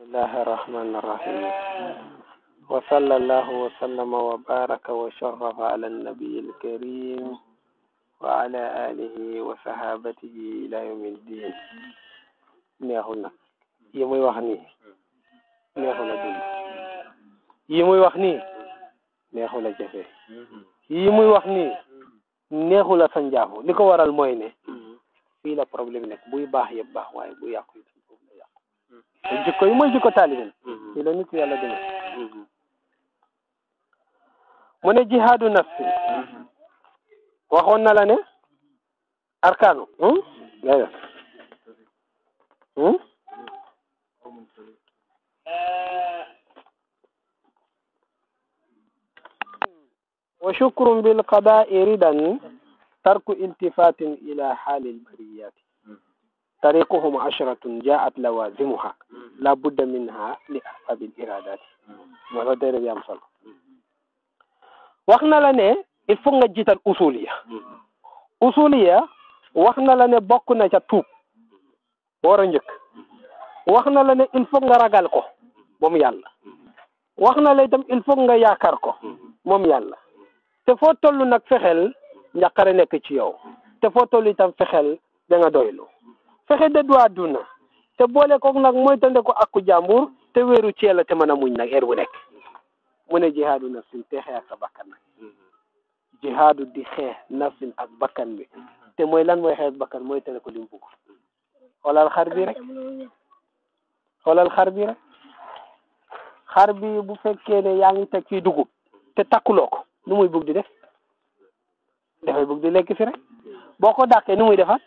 بسم الله الرحمن الرحيم وصلى الله وسلم وبارك وشرف على النبي الكريم وعلى آله وصحابته إلى يوم الدين نياخونا يموي وحني نياخونا دين يموي وحني نياخونا جفه يموي وحني نياخونا سنجافو نكو ورا الموينة في لا بروبليم نك بوي باه يباه واي بوي يقوي jikko yi mooy jikko taalibe ci la nit yàlla deme mu ne jihaadu nafsi waxoon na la ne arkaanu dayda wa shukrun bilqada'i ridan tarku iltifatin ila xaali lbariyati طريقهم عشرة جاءت لوازمها لا بد منها لأسباب الإرادات mooy la téere bi am solo wax na la ne il faut nga jiital usuliya usuliya wax na la ne bokk na ca tuub war njëkk wax na la ne il faut nga ragal ko moom yàlla wax na la itam il faut nga yaakaar ko moom yàlla te foo toll nag fexeel njàqare nekk ci yow te foo toll itam fexeel danga nga doylu fexe dëddu àdduna te boole kook nag mooy tënde ko akku jàmbur te weeru ci yàlla te mën a muñ nag heure bu nekk mu ne jihaadu nafsin te xeex ak sa bakkan nag jihaadu di xeex nafsin ak bakkan bi te mooy lan mooy xeex bakkan mooy tere ko lim bugg xoolal xar bi rek xoolal xar bi rek xar bi bu fekkee ne yaa ngi teg fii dugub te takkuloo ko nu muy bug di def dafay bugg di lekk si rek boo ko dàqee nu muy defaat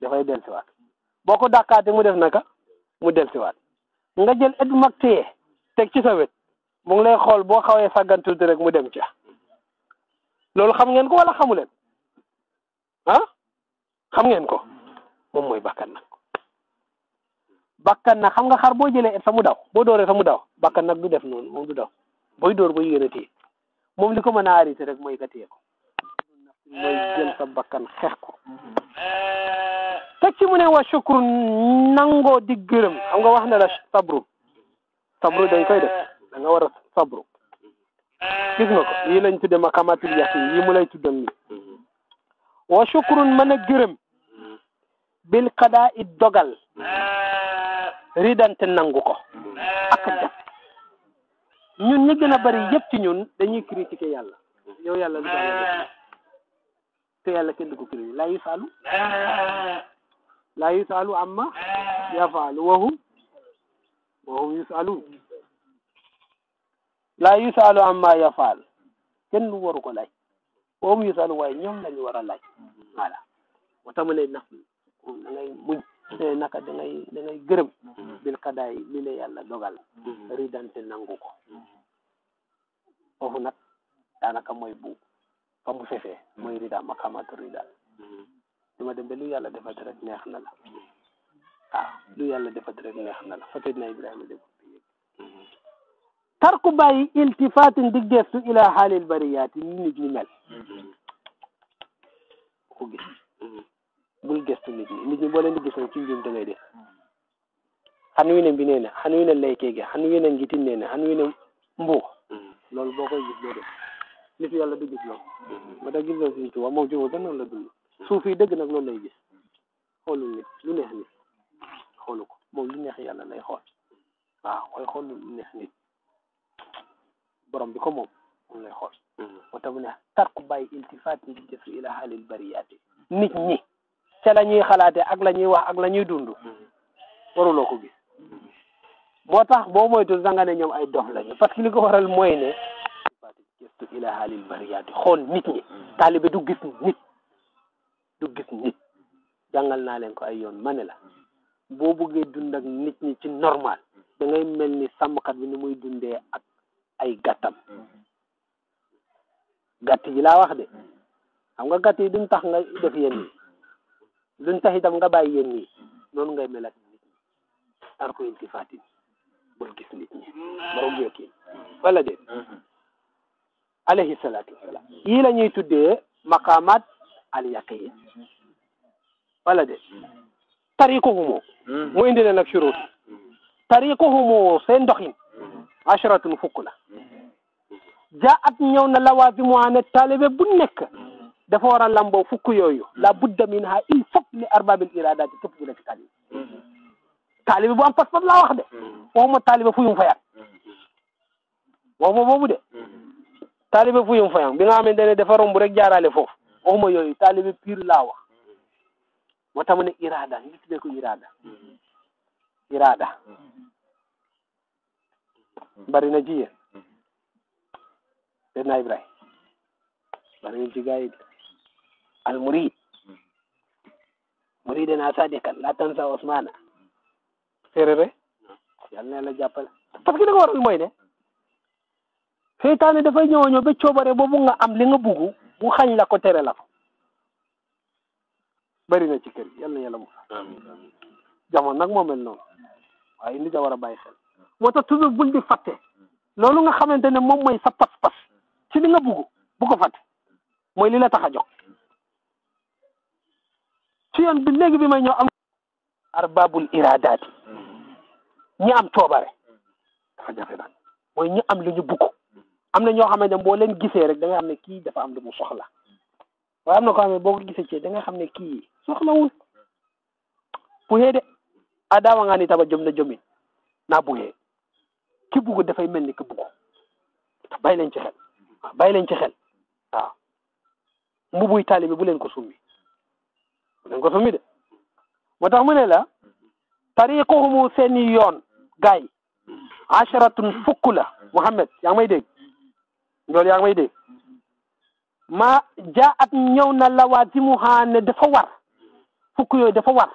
dafay dellusiwaat boo ko dàqaatee mu def naka mu dellusiwaat nga jël et mag téye teg ci sa wet mu ngi lay xool boo xawee sàggan tuuti rek mu dem ca loolu xam ngeen ko wala xamu leen ah xam ngeen ko moom mooy bakkan nag bakkan nag xam nga xar boo jëlee et fa mu daw boo dooree fa mu daw bakkan nag du def noonu moom du daw booy door booy yéene téye moom li ko mën a arrêté rek mooy nga téye ko. mooy euh, jël sa bakkan xeex ko euh, teg ci mu ne wa shukur nangoo di gërëm xam nga wax na la sabru sabru dañ koy def da nga war a sabru gis nga ko euh, yii lañ tudde maqamatul yaqin yi mu lay tuddal ni wa shukurun mën a gërëm bil qadaa it dogal ridante nangu ko ak jàpp ñun ñi gën a bari yëpp ñun dañuy critiquer yàlla yow yàlla lu tax ያለክ እንድኩ ክሪ ላይፍ አሉ ላይፍ አማ ያፋሉ ወሁም ወሁም ይሳሉ ላይፍ አማ ያፋል ግን ወሩ ቆላይ ወሁም ይሳሉ ወይኛም ለኝ ወራላይ አላ ወተምለና ለኝ ሙን ነካ ደንጋይ ደንጋይ ግርም ቢልከዳይ ሚለ ያለ ዶጋል ሪዳንት ነንጉኮ ኦሁና ዳና ከመይቡ amu fefe mm. mooy rida maqamatu rida duma mm. dem be lu yàlla defat rek neex na la waaw mm. ah, lu yàlla defat rek neex na la fa seydina ibrahima def tarku bàyyi iltifatin di gestu ila xaalil bariyaati ni nit ñi mel ko gis bul gestu nit ñi nit ñi boo leen di gis ci njuum da ngay def xan wi ne mbi nee ne xan wi ne laykee ge xan wi ne ngitin nee ne xan wi ne mbuu loolu boo koy gis doo nit yàlla du gis loolu ba tax gis nga suñu tubaab moom ci boppam noonu la dund suuf yi dëgg nag loolu lay gis xoolul nit lu neex nit xoolu ko moom lu neex yàlla lay xool waaw mooy xool lu neex nit borom bi ko moom moom lay xool moo tax mu ne tarku bàyyi iltifaat yi jëf nit ñi ca la ñuy xalaate ak la ñuy ak la ñuy dund waruloo ko gis tax boo moytul sanga ne ñoom ay dof lañu parce li ko waral mooy ila halil bariyati xool nit ñi taalibe du gis nit du gis nit jàngal naa leen ko ay yoon ma ne la boo bëggee dund ak nit ñi ci normal da mel ni sàmmkat bi nu muy dundee ak ay gàttam gàtt yi laa wax de xam nga gàtt yi duñ tax nga def yenn yi luñ tax itam nga bàyyi yenn yi noonu ngay mel ak nit ñi tar ko intifatin bul gis nit ñi baroog yokkin wala déet mm-hmm. alayhi salatu wassalam yii la ñuy tuddee maqamat al yaqin wala de hmm. mu indi leen ak shurut tariquhumu seen ndoxin asharatun fukk la jaa at ñëw na lawazimu ne taalibe bu nekk dafa war a lamboo fukk yooyu la budda min ha il faut li arbabil iradati képp ku nekk taalibe taalibe bu am pas wax de hmm. waxuma taalibe fu yum fayaat hmm. waxuma boobu de taalibe fuyum fayam bi nga xamante ne dafa romb rek jaarale foofu waxuma yooyu taalibe pire laa wax moo tax mu ne iraada ñu tuddee ko iraada iraada bari na ci yéen Seydina Ibrahima bari na ci gaa yi al murid muridana sadikan la tansa Ousmane séeréer yàlla na la jàppale parce que da nga waral seytaane dafay ñëw ñëw ba coobare boobu nga am li nga bugg mu xañ la ko tere la ko na ci kër gi yàlla mu jamono nag moom mel noonu waaye nit a war a bàyyi xel moo tax loolu nga xamante ne moom mooy sa pas-pas mooy li la tax a jox ci yoon bi léegi bi may ñëw am arbabul iradaati ñi am coobare dafa mooy ñi am lu ñu bugg am na ñoo xam ne boo leen gisee rek da nga xam ne kii dafa am lu mu soxla waaye am na ko xam ne boo ko gisee ci da nga xam ne kii soxlawul buhee de a daawangaa ni taba jom na jomin naa buhee ki bugg dafay mel ni ki bugg bàyyi leen ci xel leen ci xel waaw mbubuy taalibi bu leen ko summi bu leen ko summi de moo tax mu ne la tariquhumu seeni yoon gaay asharatun fukk la Muhammad yaa may dégg loolu yaa may dégg ma jaa at ñëw na lawazimuha ne dafa war fukk yooyu dafa war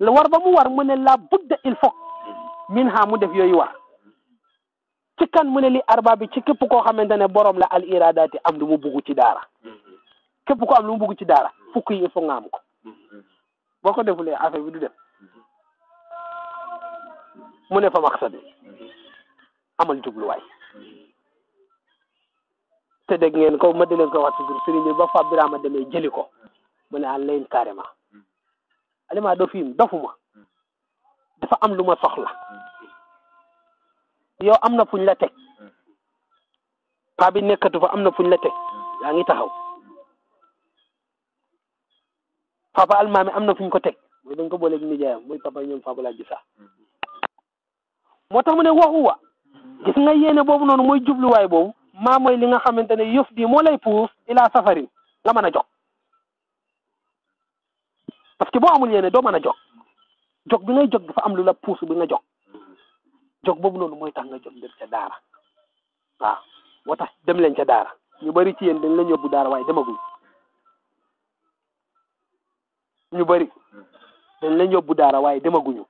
war ba mu war mu ne la budda il faut min ha mu def yooyu war ci kan mu ne li arba bi ci képp koo xamante ne borom la al iradaati am lu mu bugg ci daara képp ko am lu mu bugg ci daara fukk yi il faut nga ko boo ko defulee affaire bi du dem mu ne fa maqsad amal jubluwaay te dégg ngeen ko ma de leen ko wax toujours sëriñ bi ba fa Birama demee jëli ko mu ne an layin carrément aliment doo fiim dofuma dafa am lu ma soxla yow am na fuñ la teg paa bi nekkatu fa am na fuñ la teg yaa ngi taxaw papa almaami am na fuñ ko teg mooy dañ ko booleeg nijaayam muy papa ñoom faabu laa gisaa moo tax mu ne waxuwa gis nga yéene boobu noonu mooy jubluwaay boobu maa mooy li nga xamante ne yëf di moo lay puus ilaa safari nga mën a jog parce que boo amul yéene doo mën a jog jog bi ngay jog dafa am lu la puus bi nga jog jog boobu noonu mooy tax nga jog dem ca daara waaw moo tax dem leen ca daara ñu bari ci yéen dañ leen yóbbu daara waaye demagul ñu bari dañ leen yóbbu daara waaye demaguñu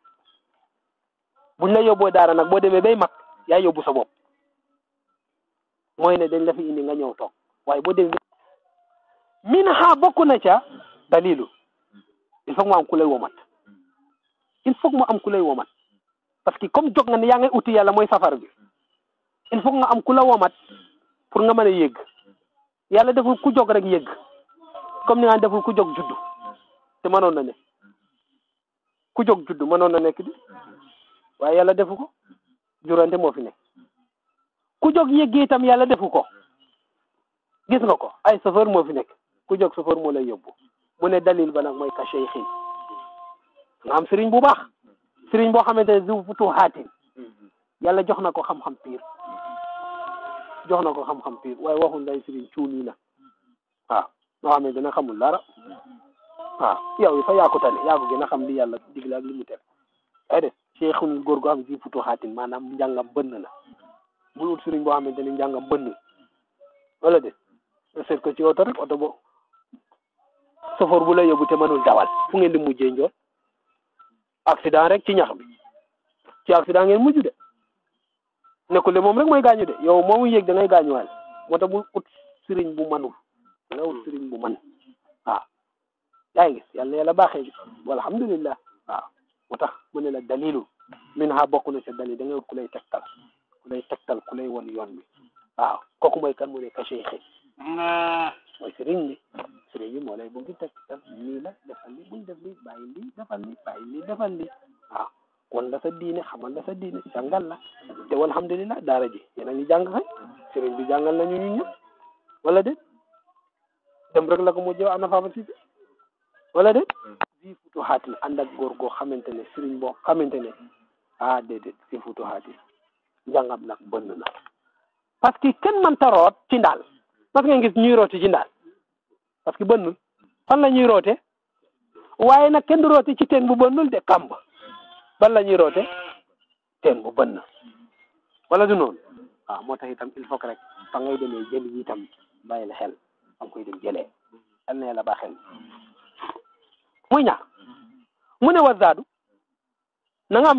buñ la yóbboo daara nag boo demee bay mag yaa yóbbu sa bopp moy ne dañ la fi indi nga ñëw tok waaye bo dem min ha bokku na ca dalilu il faut mo am kulay womat il faut mo am kulay womat parce que comme jog nga ngay uti yàlla mooy safar bi il faut nga am ku womat pour nga mëna yegg yalla deful ku jog rek yegg comme ni nga deful ku jog juddu te mënon na ne ku jog juddu mënon na nek di waye yalla defuko jurante mo fi nek ku jóg yëggee itam yàlla defu ko gis nga ko ay chauffeur moo fi nekk ku jóg chauffeur moo lay yóbbu mu ne dalil ba nag mooy ka cheikhin nga am sëriñ bu baax sëriñ boo xamante ne zu futuhaatin yàlla jox na ko xam-xam piir jox na ko xam-xam piir waaye waxul day sëriñ cuuni na waaw noo xamante ne xamul dara waaw yow yi fa yaa ko tane yaa ko gën a xam li yàlla digle ak li mu tere ay def cheikhun góor gu am zu futuhaatin maanaam njàngam bën na bul wut sëriñ boo xamante ni njàngam bënn wala de seet ko ci oto rek oto bo sofoor bu la yóbbu te mënul dawal fu ngeen di mujjee njool accident rek ci ñax bi ci accident ngeen mujj de nekkul de moom rek mooy gaañu de yow moomu yéeg da ngay gaañuwaal moo ut sëriñ bu manul nga ut sëriñ bu man waaw yaa ngi gis yàlla yàlla baaxee gi walhamdulillah waaw moo tax ne la dalilu min ha bokk na sa dalil da ngay ku lay tegtal ku lay tegtal ku lay won yoon bi waaw kooku mooy kan mu ne ka cheikh mooy sëriñ bi sëriñ bi moo lay bu ngi tegtal lii la defal li buñ def li bàyyi li defal li bàyyi li defal li waaw kon la sa diine xamal la sa diine la te walhamdulillah daara ji yéen a ngi jàng kay sëriñ bi jàngal nañu ñun ñëpp wala déet dem rek la ko mu jëw am na faaba si bi wala déet si futuhaat yi ànd ak góor goo xamante ne sëriñ boo xamante ne ah déedéet si futuhaat yi njàngam nag bënn na parce que kenn mënta root ci ndaal mas nga gis ñuy ci ndaal parce que bënnul fan la ñuy roote waaye na kenn du roote ci teen bu bënnul de kàmb ban la ñuy roote teen bu bënn wala du noonu waaw ah, moo tax itam il faut rek fa ngay demee jëli yi itam bàyyi la xel fa nga koy dem jëlee al na yàlla baaxel muy ñaar mu ne wazaadu na nga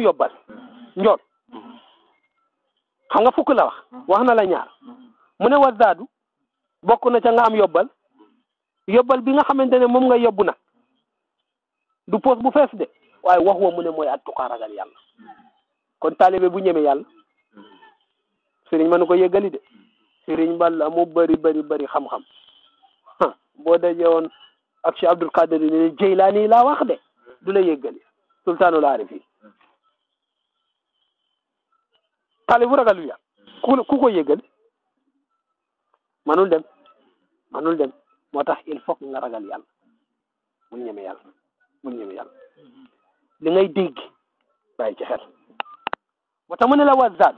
njoot xam nga fukk la wax mm-hmm. wax na la ñaar mm-hmm. mu ne wazaadu bokk na ca nga am yobbal yobbal bi nga xamante ne moom nga yobbu nag du poos bu fees de waaye wax wa mu ne mooy at tuqaa yàlla mm-hmm. kon taalibe bu ñemee yàlla sëriñ ma nu ko yëgali de sëriñ Balla mu bari bari bari xam-xam boo dajee woon ak Cheikh Abdul Qadir Jeylaani laa wax de du la yëgali sultaanul aarifiin xale bu ragalul yàlla ku ku ko yëgal manul dem manul dem moo tax il faut nga ragal yàlla bul ñeme yàlla bul ñeme yàlla li ngay dégg bàyyi ci xel moo tax la waa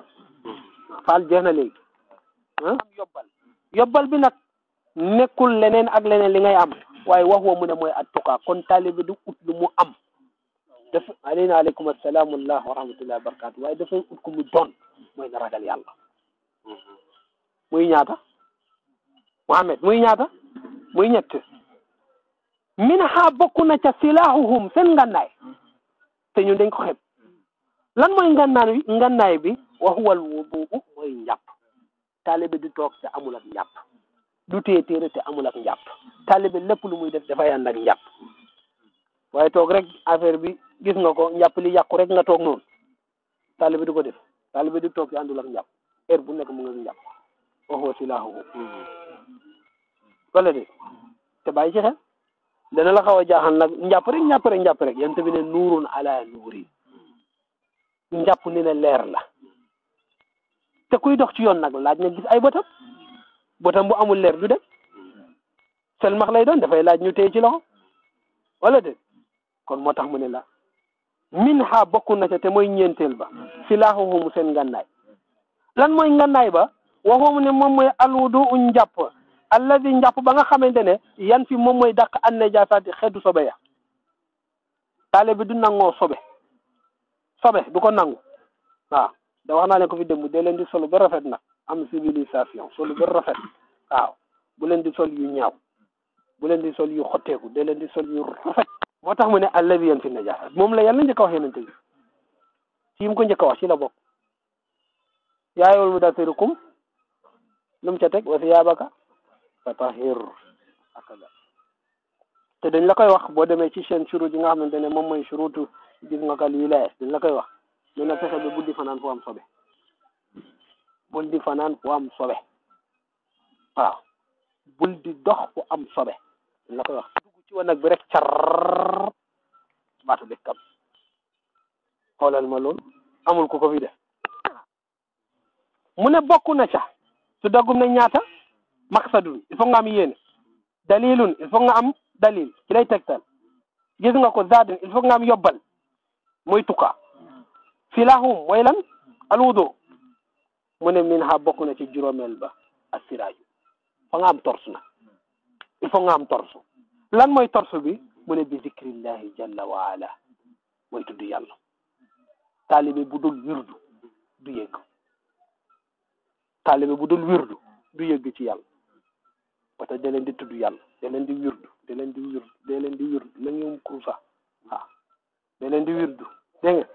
faal jeex na léegi ah yobbal yobbal bi nag nekkul leneen ak leneen li ngay am waaye wax woo mu ne mooy at tukaa kon taalibe du ut lu mu am dafa aleyna aleykum asalaamullah wa rahmatullahi wa waaye dafa ut ku mu doon mooy na ragal yàlla muy ñaata Mohamed muy ñaata muy ñett min ha bokk na ca silaahuhum seen ngannaay te ñun dañ ko xeeb lan mooy ngannaay bi ngannaay bi wa huwal wudu'u mooy njàpp taalibe du toog te amul ak njàpp du téye téere te amul ak njàpp taalibe lépp lu muy def defa ànd ak njàpp waaye toog rek affaire bi gis nga ko njàpp li yàqu rek nga toog noonu taalibe ko def taalibe du toog ci àndul ak njàpp bu nekk mu nga njàpp bàyyi ci xel la xaw a jaaxal nag njàpp rek njàpp rek njàpp rek yant bi ne nuurun ala nuuri njàpp ni ne leer la te kuy dox ci yoon nag laaj na gis ay bëtam bëtam bu amul leer du dem sel lay doon dafay laaj ñu téye ci loxo wala de kon moo tax mu ne la min ha bokk na ca te mooy ñeenteel ba mm-hmm. silaahuhum seen ngànnaay lan mooy ngànnaay ba waxoomu ne moom mooy alwudu u njàpp di njàpp ba nga xamante ne yan fi moom mooy dàq an najaasaati xeetu sobe ya taale bi du nangoo sobe sobe du ko nangu waaw da wax naa leen ko fi démb dee leen di solu ba rafet nag am civilisation solu ba rafet waaw bu leen di sol yu ñaaw bu leen di sol yu xotteeku dee leen di sol yu rafet moo tax mu ne allazi yanfi najaasa moom la yàlla njëkk a wax yonente bi ko njëkk wax ci la bokk yaa ayyuhal mudaththirikum lu mu ca teg wa thiyaabaka te dañ la koy wax boo demee ci seen shurut yi nga xamante ne moom mooy shurutu gis nga ka lii laye la koy wax lu na fexe ba bul di fanaan fu am sobe bul di fanaan fu am sobe waaw dox fu am sobe dañ la wax ci wanag bi rek car baatu dëkkam xoolal ma loolu amul ku ko fi def mu ne bokk na ca su daggum ne ñaata maqsadun il faut nga am yéene dalilun il faut nga am dalil ci lay tegtal gis nga ko zaadin il faut nga am yobbal mooy tukka filahum mooy lan alwudo mu ne min ha bokk na ci juróomeel ba asiraaju fa nga am torsu na il faut nga am torsu lan mooy torsu bi mu ne bi zikrillahi jalla wa ala mooy tudd yàlla taalibe bu dul wirdu du yëgg taalibe bu dul wirdu du yëgg ci yàlla parce que da leen di tudd yàlla da di wirdu da leen di wirdu da leen di wirdu la ñoom kousa waaw da leen di wirdu dégg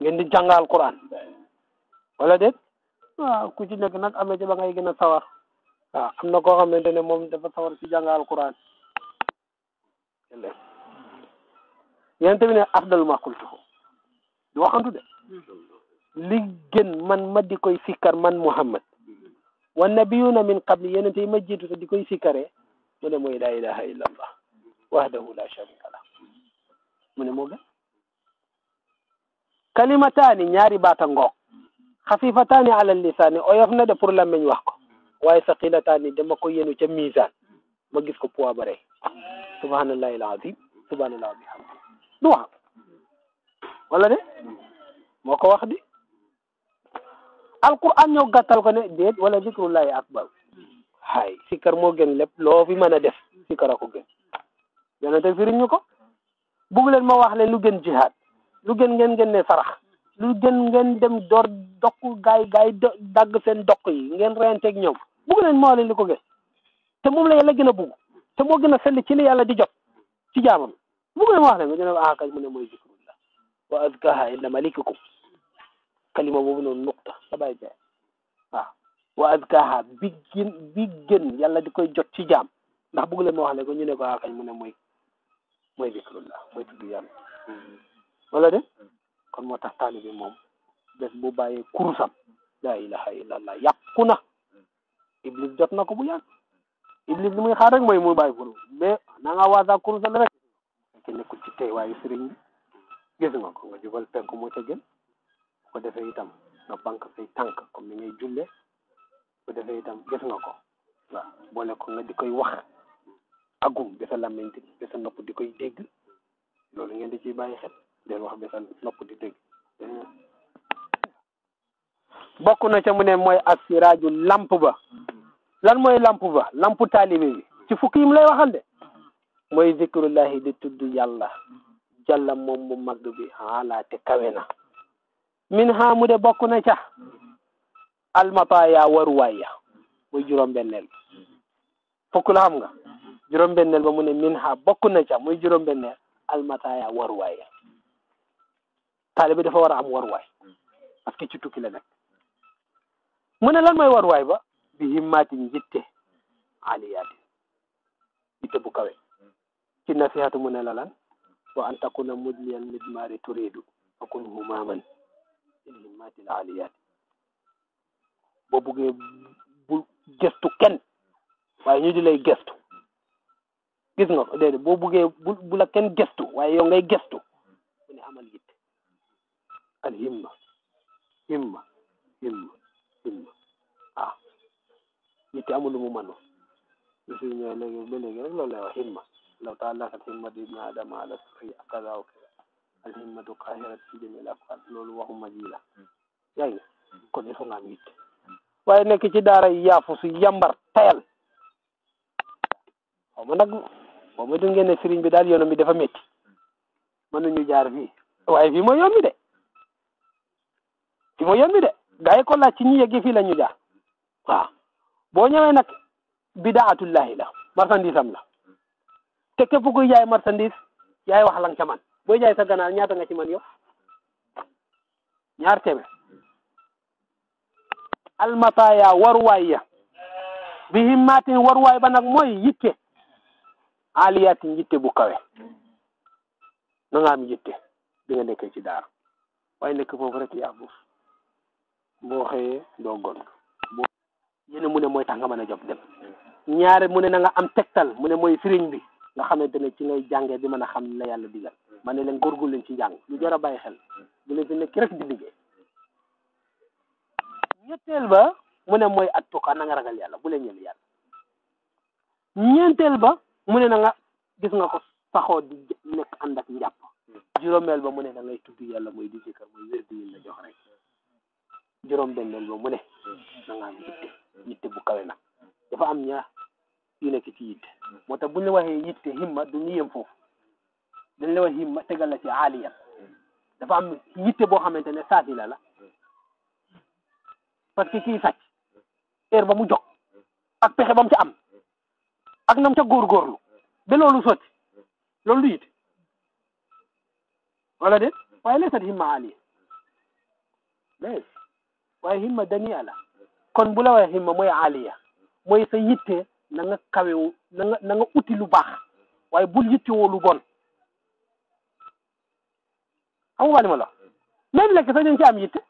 ngeen di jàngal Quran wala déet ah, ku ci nekk nag am na ci ba gën a sawar waaw ah, am na koo xamante ne moom dafa sawar ci jàngal Quran ëllëg yonente bi ne afdal ma qultuhu de li man ma di koy sikkar man muhammad wa nabiyuna min qabli yonente yi ma jiitu di koy sikkaree mu ne mooy laa ilaha illa la sharika lah ne moo gën kalimataani ñaari baata ngoog xafifataani ala lisaani de pour làmmiñ wax ko waaye saqilataani dama ko yenu ca misaan ma gis kopo poids subhanallahi alazim subhanallah bi xam du wax wala de moo ko wax di alquran ñoo gàttal ko ne déet wala zikrullahi akbar hay sikkar moo gën lépp loo fi mën a def sikkar a ko gën yonente firiñ ñu ko bugg leen ma wax leen lu gën jihaad lu gën ngeen ngeen ne sarax lu gën ngeen dem door dokk gaay gaay dagg seen dokk yi ngeen reyanteeg ñoom bugg leen ma wax leen li ko gën te moom la yàlla gën a bugg te moo gën a sell ci li yàlla di jot ci jaamam bu ko wax leen ñu ne ah kay mu ne mooy zikrullah wa azkaha inda ko kalima boobu noonu nuqta sa bàyyi jaay waaw wa azkaha bi gën bi gën yàlla di koy jot ci jaam ndax bëgg leen ma wax leen ñu ne ko ah kay mu ne mooy mooy zikrullah mooy tudd yàlla wala kon moo tax taalibe bi moom bés bu bàyyee kurusam la ilaha illallah yàqu na iblis jot na ko bu yàgg iblis li muy xaar rek mooy mu bàyyi kurus mais na nga waasa kurusal rek fekke nekkul ci tey waaye sëriñ bi gis nga ko nga jubal penku moo ca gën bu ko defee itam nga banque say tànk comme ni ngay julle ko defee itam gis nga ko waaw boole ko nga di koy wax agum besa làmmiñ bi sa nopp di koy dégg loolu ngeen di ciy bàyyi xel del wax besa nopp di dégg bokk na ca mu ne mooy asiraaju lamp ba lan mooy lamp ba lamp taalibe bi ci fukki yim lay waxal de mooy zikrullahi di tudd yàlla jàlla moom mu mag bi ala te kawe na min ha mu de bokk na ca almataya waruwaay ya muy juróom-benneel fukk la xam nga juróom-benneel ba mu ne min ha bokk na ca muy juróom-benneel almataya waruwaay ya taalibe dafa war a am waruwaay parce que ci tukki la nag mu ne lan mooy waruwaay ba ɗi himmaati ɗi yitte aliyaade yitte bukawe kinna sihatu mum alalan wa an takuna mudliyal midmari turiidu fa kun humaman ɗin himmaati la aliyaade bo buge gestu ken waya ñudilay gestu gis nga odeede bo buge bula ken gestu waya yongay gestu ine amal yitte al himma himma himma himma yitte amul lu mu mënul bisu ñëwee léegi ba léegi rek loolu lay wax himma law taalakat himmatu adama ala sirri kaza wa kaza al himmatu kahirat fi jamil aqwaal loolu waxuma ji la yaa ngi kon il faut nga am yitte waaye nekk ci daara yaafu su yambar tayal xaw ma nag boo moytu ngeen ne sëriñ bi daal yoonam bi dafa métti mën nañu jaar fii waaye fii mooy yoon bi de fii mooy boo ñëwee nag bidaatullahi la marchandise am la te képp kuy jaay marchandise yaay wax la ca man booy jaay sa ganaar ñaata nga ci man yow ñaar téeméer almataya waruwaay ya bi himmaatin waruwaay ba nag mooy yitte aliyatin yitte bu kawe na nga am yitte bi nga nekkee ci daara waaye nekk foofu rek yaa buuf boo xëyee doo gont yéene mu ne mooy tax nga mën a jóg dem ñaare mu ne na nga am tegtal mu ne mooy firiñ bi nga xamante ne ci ngay jàngee bi mën a xam la yàlla digal ma ne leen góorgóorlu leen ci njàng lu jar a bàyyi xel bu leen fi nekk rek di liggéey ba mu mooy at tuqa na ragal yàlla bu leen ñeme ñeenteel ba mu ne na nga gis nga ko saxoo di nekk ànd ak njàpp juróomeel ba mu ne da ngay tudd yàlla mooy di sikkar mooy wér di la jox rek juróom benneel ba mu ne yitte bu kawe dafa am ñaar yu ki ci yitte moo tax bu ñu la waxee yitte himma du ñu yem foofu dañ la wax himma tegal la ci aaliyan dafa am yitte boo xamante ne saafila la parce que kii sàcc heure ba mu jog ak pexe ba mu ca am ak nam ca góorgóorlu ba loolu sotti loolu du yitte de waaye leesat himma aaliya lees waaye himma daniya la kon bu la waxee himma mooy aliya mooy sa yitte na nga kawewu na nga na uti lu baax waaye bul yittewoo woo bon xam nga ma la même lekk sax dañ ci am yitte